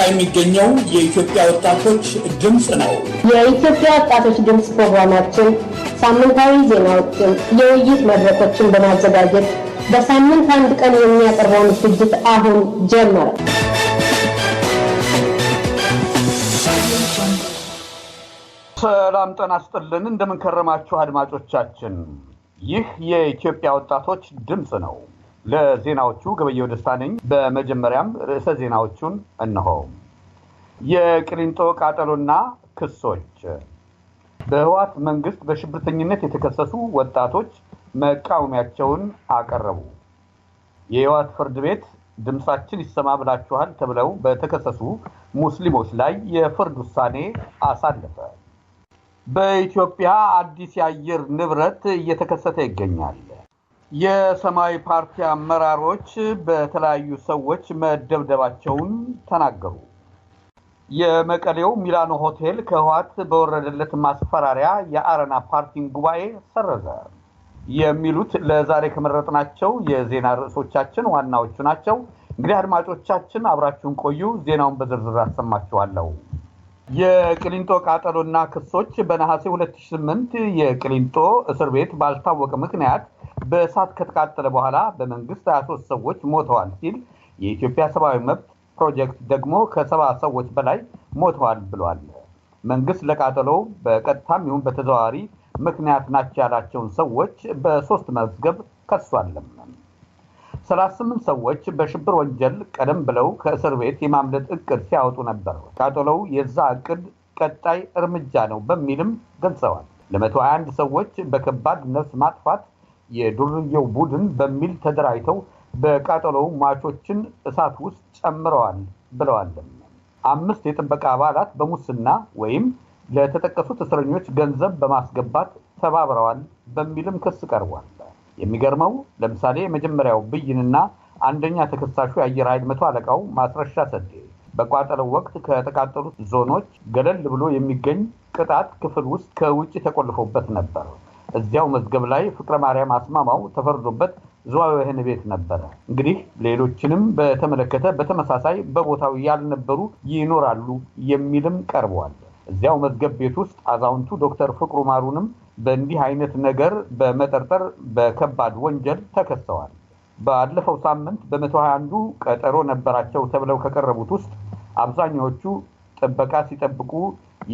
በአውሮፓ የሚገኘው የኢትዮጵያ ወጣቶች ድምፅ ነው። የኢትዮጵያ ወጣቶች ድምፅ ፕሮግራማችን ሳምንታዊ ዜናዎችን፣ የውይይት መድረኮችን በማዘጋጀት በሳምንት አንድ ቀን የሚያቀርበውን ዝግጅት አሁን ጀመረ። ሰላም ጤና እንደምንከረማችሁ አድማጮቻችን፣ ይህ የኢትዮጵያ ወጣቶች ድምፅ ነው። ለዜናዎቹ ገበየው ደስታ ነኝ። በመጀመሪያም ርዕሰ ዜናዎቹን እነሆ። የቅሊንጦ ቃጠሎና ክሶች በህወሓት መንግስት በሽብርተኝነት የተከሰሱ ወጣቶች መቃወሚያቸውን አቀረቡ። የህወሓት ፍርድ ቤት ድምፃችን ይሰማ ብላችኋል ተብለው በተከሰሱ ሙስሊሞች ላይ የፍርድ ውሳኔ አሳለፈ። በኢትዮጵያ አዲስ የአየር ንብረት እየተከሰተ ይገኛል። የሰማያዊ ፓርቲ አመራሮች በተለያዩ ሰዎች መደብደባቸውን ተናገሩ። የመቀሌው ሚላኖ ሆቴል ከህወሓት በወረደለት ማስፈራሪያ የአረና ፓርቲን ጉባኤ ሰረዘ የሚሉት ለዛሬ ከመረጥናቸው የዜና ርዕሶቻችን ዋናዎቹ ናቸው። እንግዲህ አድማጮቻችን አብራችሁን ቆዩ። ዜናውን በዝርዝር አሰማችኋለሁ። የቅሊንጦ ቃጠሎና ክሶች በነሐሴ 2008 የቅሊንጦ እስር ቤት ባልታወቀ ምክንያት በእሳት ከተቃጠለ በኋላ በመንግስት 23 ሰዎች ሞተዋል ሲል የኢትዮጵያ ሰብአዊ መብት ፕሮጀክት ደግሞ ከሰባ ሰዎች በላይ ሞተዋል ብሏል። መንግስት ለቃጠሎው በቀጥታም ይሁን በተዘዋዋሪ ምክንያት ናቸው ያላቸውን ሰዎች በሶስት መዝገብ ከሷለም። ሰላሳ ስምንት ሰዎች በሽብር ወንጀል ቀደም ብለው ከእስር ቤት የማምለጥ እቅድ ሲያወጡ ነበር። ቃጠሎው የዛ እቅድ ቀጣይ እርምጃ ነው በሚልም ገልጸዋል። ለመቶ አንድ ሰዎች በከባድ ነፍስ ማጥፋት የዱርየው ቡድን በሚል ተደራጅተው በቃጠሎው ሟቾችን እሳት ውስጥ ጨምረዋል ብለዋል። አምስት የጥበቃ አባላት በሙስና ወይም ለተጠቀሱት እስረኞች ገንዘብ በማስገባት ተባብረዋል በሚልም ክስ ቀርቧል። የሚገርመው ለምሳሌ የመጀመሪያው ብይንና አንደኛ ተከሳሹ የአየር ኃይል መቶ አለቃው ማስረሻ ሰዴ በቋጠለው ወቅት ከተቃጠሉት ዞኖች ገለል ብሎ የሚገኝ ቅጣት ክፍል ውስጥ ከውጭ ተቆልፎበት ነበር። እዚያው መዝገብ ላይ ፍቅረ ማርያም አስማማው ተፈርዶበት ዝዋወህን ቤት ነበረ። እንግዲህ ሌሎችንም በተመለከተ በተመሳሳይ በቦታው ያልነበሩ ይኖራሉ የሚልም ቀርበዋል። እዚያው መዝገብ ቤት ውስጥ አዛውንቱ ዶክተር ፍቅሩ ማሩንም በእንዲህ አይነት ነገር በመጠርጠር በከባድ ወንጀል ተከሰዋል። ባለፈው ሳምንት በመቶ ሃያ አንዱ ቀጠሮ ነበራቸው ተብለው ከቀረቡት ውስጥ አብዛኛዎቹ ጥበቃ ሲጠብቁ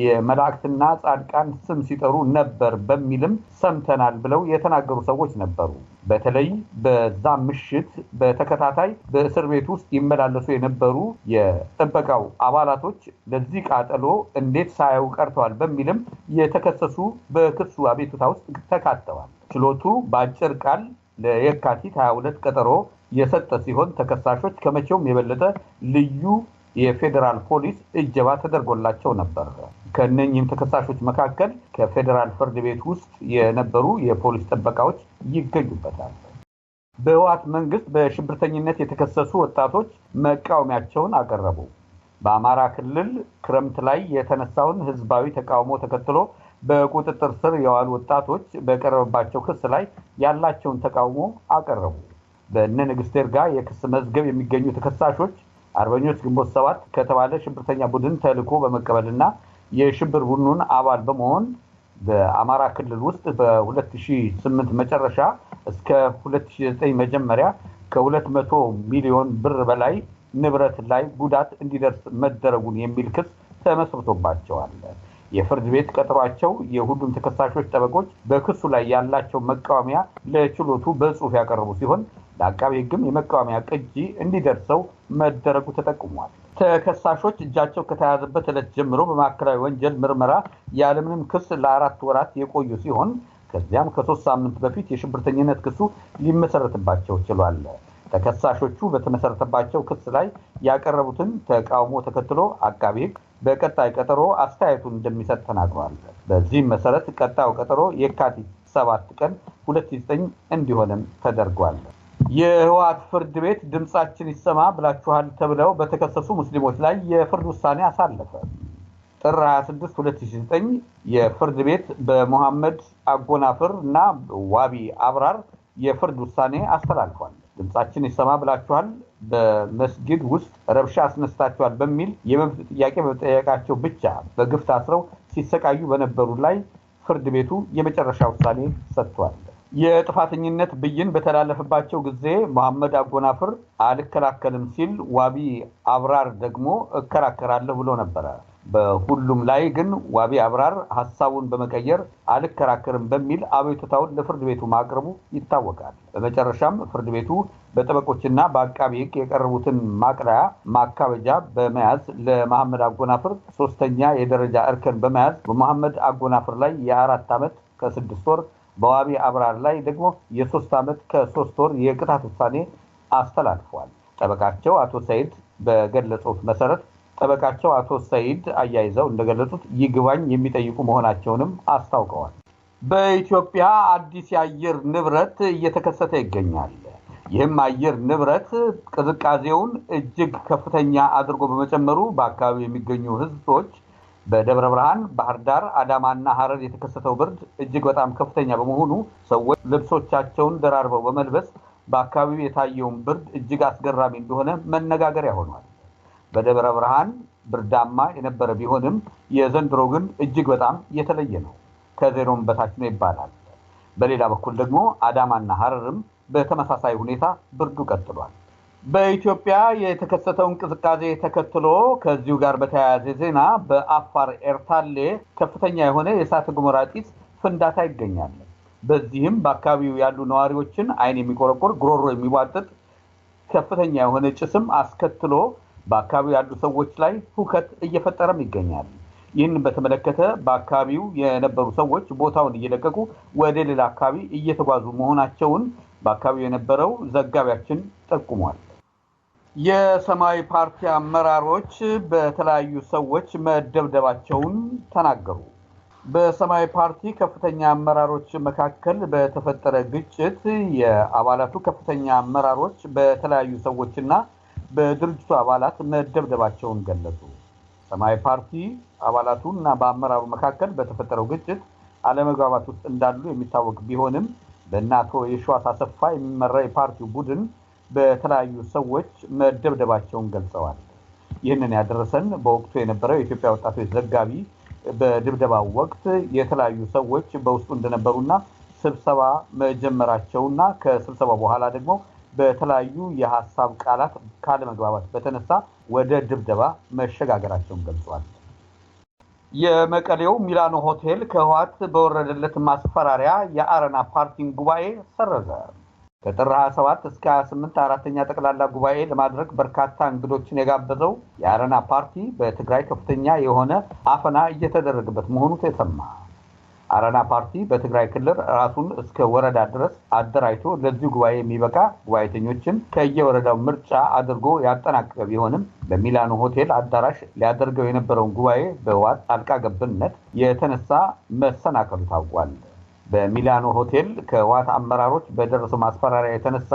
የመላእክትና ጻድቃን ስም ሲጠሩ ነበር በሚልም ሰምተናል ብለው የተናገሩ ሰዎች ነበሩ። በተለይ በዛ ምሽት በተከታታይ በእስር ቤት ውስጥ ይመላለሱ የነበሩ የጥበቃው አባላቶች ለዚህ ቃጠሎ እንዴት ሳያዩ ቀርተዋል በሚልም የተከሰሱ በክሱ አቤቱታ ውስጥ ተካተዋል። ችሎቱ በአጭር ቃል ለየካቲት 22 ቀጠሮ የሰጠ ሲሆን ተከሳሾች ከመቼውም የበለጠ ልዩ የፌዴራል ፖሊስ እጀባ ተደርጎላቸው ነበር። ከእነኚህም ተከሳሾች መካከል ከፌዴራል ፍርድ ቤት ውስጥ የነበሩ የፖሊስ ጥበቃዎች ይገኙበታል። በህወሓት መንግስት በሽብርተኝነት የተከሰሱ ወጣቶች መቃወሚያቸውን አቀረቡ። በአማራ ክልል ክረምት ላይ የተነሳውን ህዝባዊ ተቃውሞ ተከትሎ በቁጥጥር ስር የዋሉ ወጣቶች በቀረበባቸው ክስ ላይ ያላቸውን ተቃውሞ አቀረቡ። በእነ ንግስቴር ጋር የክስ መዝገብ የሚገኙ ተከሳሾች አርበኞች ግንቦት ሰባት ከተባለ ሽብርተኛ ቡድን ተልዕኮ በመቀበልና የሽብር ቡድኑን አባል በመሆን በአማራ ክልል ውስጥ በ2008 መጨረሻ እስከ 2009 መጀመሪያ ከ200 ሚሊዮን ብር በላይ ንብረት ላይ ጉዳት እንዲደርስ መደረጉን የሚል ክስ ተመስርቶባቸዋል። የፍርድ ቤት ቀጠሯቸው የሁሉም ተከሳሾች ጠበቆች በክሱ ላይ ያላቸው መቃወሚያ ለችሎቱ በጽሑፍ ያቀረቡ ሲሆን ለአቃቤ ሕግም የመቃወሚያ ቅጂ እንዲደርሰው መደረጉ ተጠቁሟል። ተከሳሾች እጃቸው ከተያዘበት ዕለት ጀምሮ በማዕከላዊ ወንጀል ምርመራ ያለምንም ክስ ለአራት ወራት የቆዩ ሲሆን ከዚያም ከሶስት ሳምንት በፊት የሽብርተኝነት ክሱ ሊመሰረትባቸው ችሏል። ተከሳሾቹ በተመሰረተባቸው ክስ ላይ ያቀረቡትን ተቃውሞ ተከትሎ አቃቢ ሕግ በቀጣይ ቀጠሮ አስተያየቱን እንደሚሰጥ ተናግሯል። በዚህም መሰረት ቀጣዩ ቀጠሮ የካቲት ሰባት ቀን ዘጠኝ እንዲሆንም ተደርጓል። የህወሓት ፍርድ ቤት ድምፃችን ይሰማ ብላችኋል ተብለው በተከሰሱ ሙስሊሞች ላይ የፍርድ ውሳኔ አሳለፈ። ጥር 26 2009 የፍርድ ቤት በሞሐመድ አጎናፍር እና ዋቢ አብራር የፍርድ ውሳኔ አስተላልፏል። ድምፃችን ይሰማ ብላችኋል፣ በመስጊድ ውስጥ ረብሻ አስነስታችኋል በሚል የመብት ጥያቄ በመጠየቃቸው ብቻ በግፍ ታስረው ሲሰቃዩ በነበሩ ላይ ፍርድ ቤቱ የመጨረሻ ውሳኔ ሰጥቷል። የጥፋተኝነት ብይን በተላለፈባቸው ጊዜ መሐመድ አጎናፍር አልከላከልም ሲል፣ ዋቢ አብራር ደግሞ እከራከራለሁ ብሎ ነበረ። በሁሉም ላይ ግን ዋቢ አብራር ሀሳቡን በመቀየር አልከራከርም በሚል አቤቱታውን ለፍርድ ቤቱ ማቅረቡ ይታወቃል። በመጨረሻም ፍርድ ቤቱ በጠበቆችና በአቃቢ ሕግ የቀረቡትን ማቅለያ ማካበጃ በመያዝ ለመሐመድ አጎናፍር ሶስተኛ የደረጃ እርከን በመያዝ በመሐመድ አጎናፍር ላይ የአራት ዓመት ከስድስት ወር በዋቢ አብራር ላይ ደግሞ የሶስት ዓመት ከሶስት ወር የቅጣት ውሳኔ አስተላልፏል። ጠበቃቸው አቶ ሰይድ በገለጹት መሰረት ጠበቃቸው አቶ ሰይድ አያይዘው እንደገለጹት ይግባኝ የሚጠይቁ መሆናቸውንም አስታውቀዋል። በኢትዮጵያ አዲስ የአየር ንብረት እየተከሰተ ይገኛል። ይህም አየር ንብረት ቅዝቃዜውን እጅግ ከፍተኛ አድርጎ በመጨመሩ በአካባቢው የሚገኙ ሕዝቦች በደብረ ብርሃን፣ ባህር ዳር፣ አዳማና ሀረር የተከሰተው ብርድ እጅግ በጣም ከፍተኛ በመሆኑ ሰዎች ልብሶቻቸውን ደራርበው በመልበስ በአካባቢው የታየውን ብርድ እጅግ አስገራሚ እንደሆነ መነጋገሪያ ሆኗል። በደብረ ብርሃን ብርዳማ የነበረ ቢሆንም የዘንድሮ ግን እጅግ በጣም የተለየ ነው። ከዜሮም በታች ነው ይባላል። በሌላ በኩል ደግሞ አዳማና ሀረርም በተመሳሳይ ሁኔታ ብርዱ ቀጥሏል። በኢትዮጵያ የተከሰተው እንቅስቃሴ ተከትሎ ከዚሁ ጋር በተያያዘ ዜና በአፋር ኤርታሌ ከፍተኛ የሆነ የእሳተ ገሞራ ጢስ ፍንዳታ ይገኛል። በዚህም በአካባቢው ያሉ ነዋሪዎችን ዓይን የሚቆረቆር ጉሮሮ የሚቧጥጥ ከፍተኛ የሆነ ጭስም አስከትሎ በአካባቢው ያሉ ሰዎች ላይ ሁከት እየፈጠረም ይገኛል። ይህን በተመለከተ በአካባቢው የነበሩ ሰዎች ቦታውን እየለቀቁ ወደ ሌላ አካባቢ እየተጓዙ መሆናቸውን በአካባቢው የነበረው ዘጋቢያችን ጠቁሟል። የሰማያዊ ፓርቲ አመራሮች በተለያዩ ሰዎች መደብደባቸውን ተናገሩ። በሰማያዊ ፓርቲ ከፍተኛ አመራሮች መካከል በተፈጠረ ግጭት የአባላቱ ከፍተኛ አመራሮች በተለያዩ ሰዎችና በድርጅቱ አባላት መደብደባቸውን ገለጹ። ሰማያዊ ፓርቲ አባላቱ እና በአመራሩ መካከል በተፈጠረው ግጭት አለመግባባት ውስጥ እንዳሉ የሚታወቅ ቢሆንም በእነ አቶ አሰፋ የሚመራ የፓርቲው ቡድን በተለያዩ ሰዎች መደብደባቸውን ገልጸዋል። ይህንን ያደረሰን በወቅቱ የነበረው የኢትዮጵያ ወጣቶች ዘጋቢ በድብደባው ወቅት የተለያዩ ሰዎች በውስጡ እንደነበሩና ስብሰባ መጀመራቸውና ከስብሰባ በኋላ ደግሞ በተለያዩ የሀሳብ ቃላት ካለመግባባት በተነሳ ወደ ድብደባ መሸጋገራቸውን ገልጿል። የመቀሌው ሚላኖ ሆቴል ከህወሓት በወረደለት ማስፈራሪያ የአረና ፓርቲን ጉባኤ ሰረዘ። ከጥር 27 እስከ 28 አራተኛ ጠቅላላ ጉባኤ ለማድረግ በርካታ እንግዶችን የጋበዘው የአረና ፓርቲ በትግራይ ከፍተኛ የሆነ አፈና እየተደረገበት መሆኑ ተሰማ። አረና ፓርቲ በትግራይ ክልል ራሱን እስከ ወረዳ ድረስ አደራጅቶ ለዚሁ ጉባኤ የሚበቃ ጉባኤተኞችን ከየወረዳው ምርጫ አድርጎ ያጠናቀቀ ቢሆንም በሚላኑ ሆቴል አዳራሽ ሊያደርገው የነበረውን ጉባኤ በህወሓት ጣልቃ ገብነት የተነሳ መሰናከሉ ታውቋል። በሚላኖ ሆቴል ከህወሓት አመራሮች በደረሰው ማስፈራሪያ የተነሳ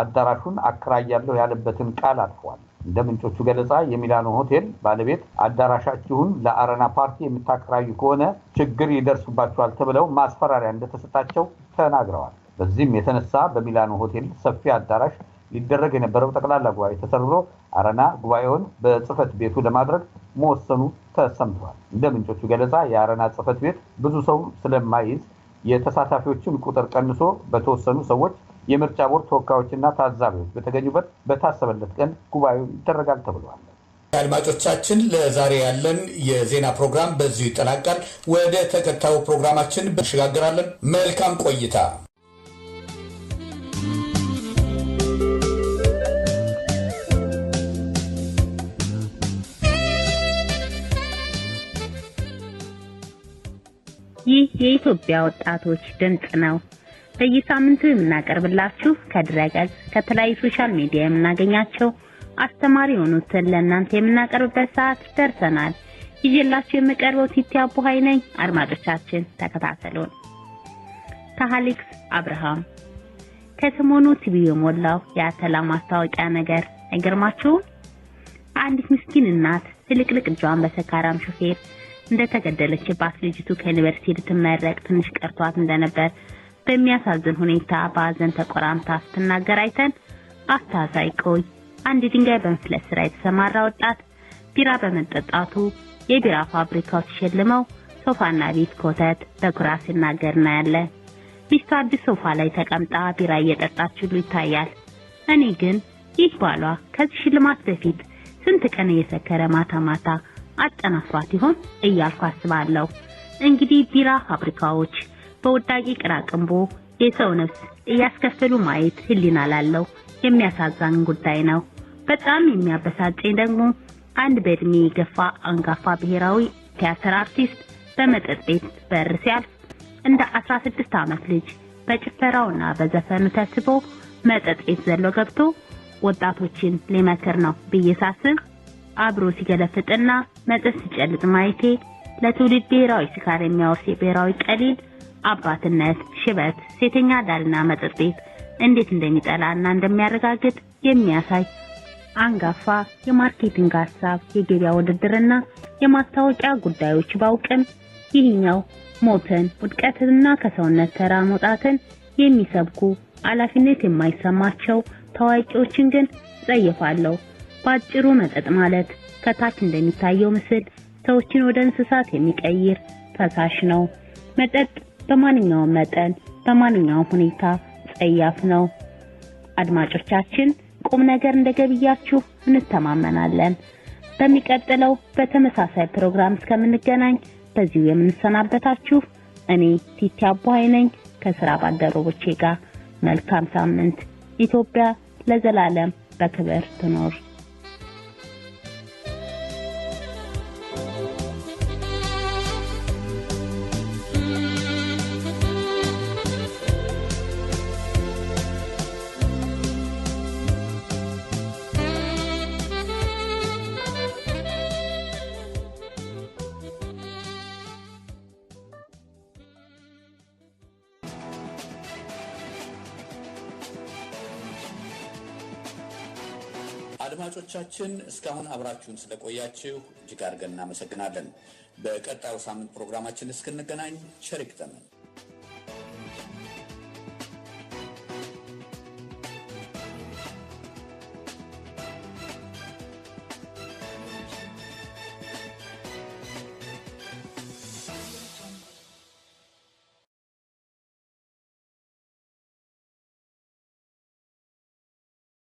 አዳራሹን አከራያለሁ ያለበትን ቃል አልፏል። እንደ ምንጮቹ ገለጻ የሚላኖ ሆቴል ባለቤት አዳራሻችሁን ለአረና ፓርቲ የምታከራዩ ከሆነ ችግር ይደርስባችኋል ተብለው ማስፈራሪያ እንደተሰጣቸው ተናግረዋል። በዚህም የተነሳ በሚላኖ ሆቴል ሰፊ አዳራሽ ሊደረግ የነበረው ጠቅላላ ጉባኤ ተሰርዞ አረና ጉባኤውን በጽህፈት ቤቱ ለማድረግ መወሰኑ ተሰምቷል። እንደ ምንጮቹ ገለጻ የአረና ጽህፈት ቤት ብዙ ሰው ስለማይይዝ የተሳታፊዎችን ቁጥር ቀንሶ በተወሰኑ ሰዎች የምርጫ ቦርድ ተወካዮችና ታዛቢዎች በተገኙበት በታሰበለት ቀን ጉባኤው ይደረጋል ተብለዋል። አድማጮቻችን፣ ለዛሬ ያለን የዜና ፕሮግራም በዚሁ ይጠናቃል። ወደ ተከታዩ ፕሮግራማችን እንሸጋግራለን። መልካም ቆይታ። ይህ የኢትዮጵያ ወጣቶች ድምፅ ነው። በየሳምንቱ የምናቀርብላችሁ ከድረገጽ ከተለያዩ ሶሻል ሚዲያ የምናገኛቸው አስተማሪ የሆኑትን ለእናንተ የምናቀርብበት ሰዓት ደርሰናል። ይዤላችሁ የምቀርበው ቲቲ አቡሃይ ነኝ። አድማጮቻችን ተከታተሉን። ከአሌክስ አብርሃም ከሰሞኑ ቲቪ የሞላው የአተላ ማስታወቂያ ነገር አይገርማችሁም? አንዲት ምስኪን እናት ፍልቅልቅ እጇን በሰካራም ሹፌር እንደተገደለችባት ልጅቱ ከዩኒቨርሲቲ ልትመረቅ ትንሽ ቀርቷት እንደነበር በሚያሳዝን ሁኔታ በሀዘን ተቆራምታ ስትናገር አይተን አስታሳይ ቆይ አንድ ድንጋይ በመፍለጥ ስራ የተሰማራ ወጣት ቢራ በመጠጣቱ የቢራ ፋብሪካው ሲሸልመው ሶፋና ቤት ኮተት በኩራ ሲናገር እናያለን። ሚስቱ አዲስ ሶፋ ላይ ተቀምጣ ቢራ እየጠጣች ሁሉ ይታያል። እኔ ግን ይህ ባሏ ከዚህ ሽልማት በፊት ስንት ቀን እየሰከረ ማታ ማታ አጠናክሯት ይሆን እያልኩ አስባለሁ። እንግዲህ ቢራ ፋብሪካዎች በውዳቂ ቅራቅንቦ የሰው ነፍስ እያስከፈሉ ማየት ህሊና ላለው የሚያሳዛን ጉዳይ ነው። በጣም የሚያበሳጨኝ ደግሞ አንድ በእድሜ የገፋ አንጋፋ ብሔራዊ ቲያትር አርቲስት በመጠጥ ቤት በር ሲያልፍ እንደ 16 ዓመት ልጅ በጭፈራውና በዘፈኑ ተስቦ መጠጥ ቤት ዘሎ ገብቶ ወጣቶችን ሊመክር ነው ብዬ ሳስብ አብሮ ሲገለፍጥና መጽስ ሲጨልጥ ማየቴ ለትውልድ ብሔራዊ ስካር የሚያወርስ የብሔራዊ ቀሊል አባትነት ሽበት፣ ሴተኛ አዳሪና መጠጥ ቤት እንዴት እንደሚጠላና እንደሚያረጋግጥ የሚያሳይ አንጋፋ የማርኬቲንግ ሀሳብ፣ የገበያ ውድድርና የማስታወቂያ ጉዳዮች ባውቅም ይህኛው ሞትን፣ ውድቀትንና ከሰውነት ተራ መውጣትን የሚሰብኩ ኃላፊነት የማይሰማቸው ታዋቂዎችን ግን ጸየፋለሁ። በአጭሩ መጠጥ ማለት ከታች እንደሚታየው ምስል ሰዎችን ወደ እንስሳት የሚቀይር ፈሳሽ ነው። መጠጥ በማንኛውም መጠን በማንኛውም ሁኔታ ጸያፍ ነው። አድማጮቻችን ቁም ነገር እንደገብያችሁ እንተማመናለን። በሚቀጥለው በተመሳሳይ ፕሮግራም እስከምንገናኝ በዚሁ የምንሰናበታችሁ እኔ ቲቲ አቦሃይ ነኝ ከስራ ባልደረቦቼ ጋር መልካም ሳምንት። ኢትዮጵያ ለዘላለም በክብር ትኖር። አድማጮቻችን እስካሁን አብራችሁን ስለቆያችሁ እጅግ አድርገን እናመሰግናለን። በቀጣዩ ሳምንት ፕሮግራማችን እስክንገናኝ ቸር ይግጠመን።